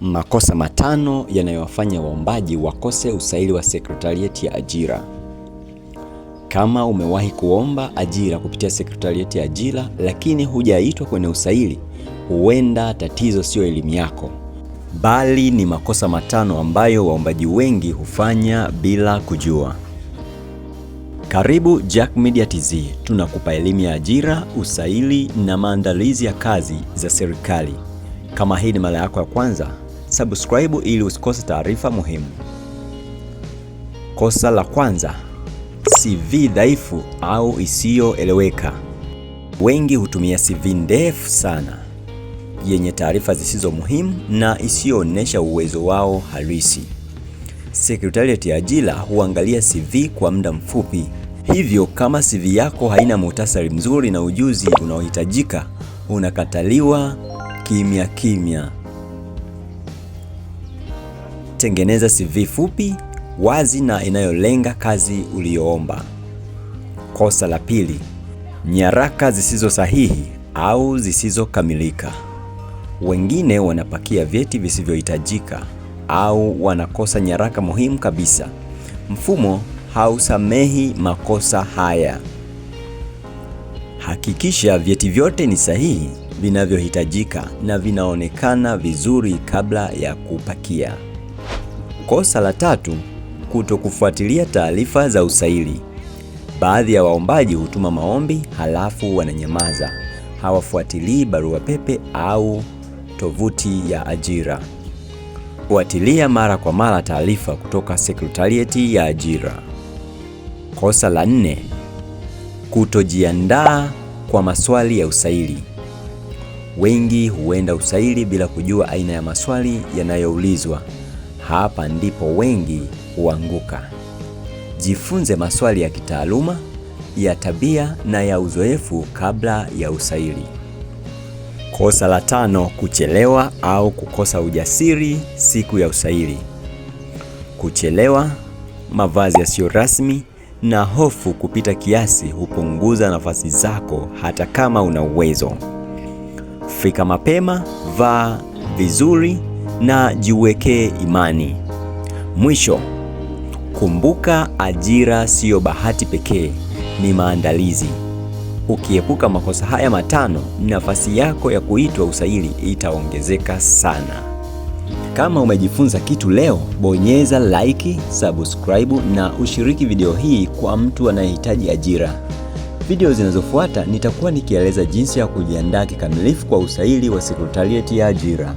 Makosa matano yanayowafanya waombaji wakose usaili wa sekretarieti ya ajira. Kama umewahi kuomba ajira kupitia sekretarieti ya ajira lakini hujaitwa kwenye usaili, huenda tatizo sio elimu yako, bali ni makosa matano ambayo waombaji wengi hufanya bila kujua. Karibu Jack Media TZ, tunakupa elimu ya ajira, usaili na maandalizi ya kazi za serikali. Kama hii ni mara yako ya kwanza subscribe ili usikose taarifa muhimu. Kosa la kwanza, CV dhaifu au isiyoeleweka. Wengi hutumia CV ndefu sana yenye taarifa zisizo muhimu na isiyoonyesha uwezo wao halisi. Sekretarieti ya Ajira huangalia CV kwa muda mfupi, hivyo kama CV yako haina muhtasari mzuri na ujuzi unaohitajika, unakataliwa kimya kimya. Tengeneza CV fupi, wazi na inayolenga kazi uliyoomba. Kosa la pili, nyaraka zisizo sahihi au zisizokamilika. Wengine wanapakia vyeti visivyohitajika au wanakosa nyaraka muhimu kabisa. Mfumo hausamehi makosa haya. Hakikisha vyeti vyote ni sahihi, vinavyohitajika na vinaonekana vizuri kabla ya kupakia. Kosa la tatu, kutokufuatilia taarifa za usaili. Baadhi ya waombaji hutuma maombi halafu wananyamaza, hawafuatilii barua pepe au tovuti ya ajira. Fuatilia mara kwa mara taarifa kutoka sekretarieti ya ajira. Kosa la nne, kutojiandaa kwa maswali ya usaili. Wengi huenda usaili bila kujua aina ya maswali yanayoulizwa. Hapa ndipo wengi huanguka. Jifunze maswali ya kitaaluma, ya tabia na ya uzoefu kabla ya usaili. Kosa la tano: kuchelewa au kukosa ujasiri siku ya usaili. Kuchelewa, mavazi yasiyo rasmi na hofu kupita kiasi hupunguza nafasi zako hata kama una uwezo. Fika mapema, vaa vizuri na jiwekee imani. Mwisho, kumbuka ajira siyo bahati pekee, ni maandalizi. Ukiepuka makosa haya matano, nafasi yako ya kuitwa usaili itaongezeka sana. Kama umejifunza kitu leo, bonyeza like, subscribe na ushiriki video hii kwa mtu anayehitaji ajira. Video zinazofuata nitakuwa nikieleza jinsi ya kujiandaa kikamilifu kwa usaili wa Sekretarieti ya Ajira.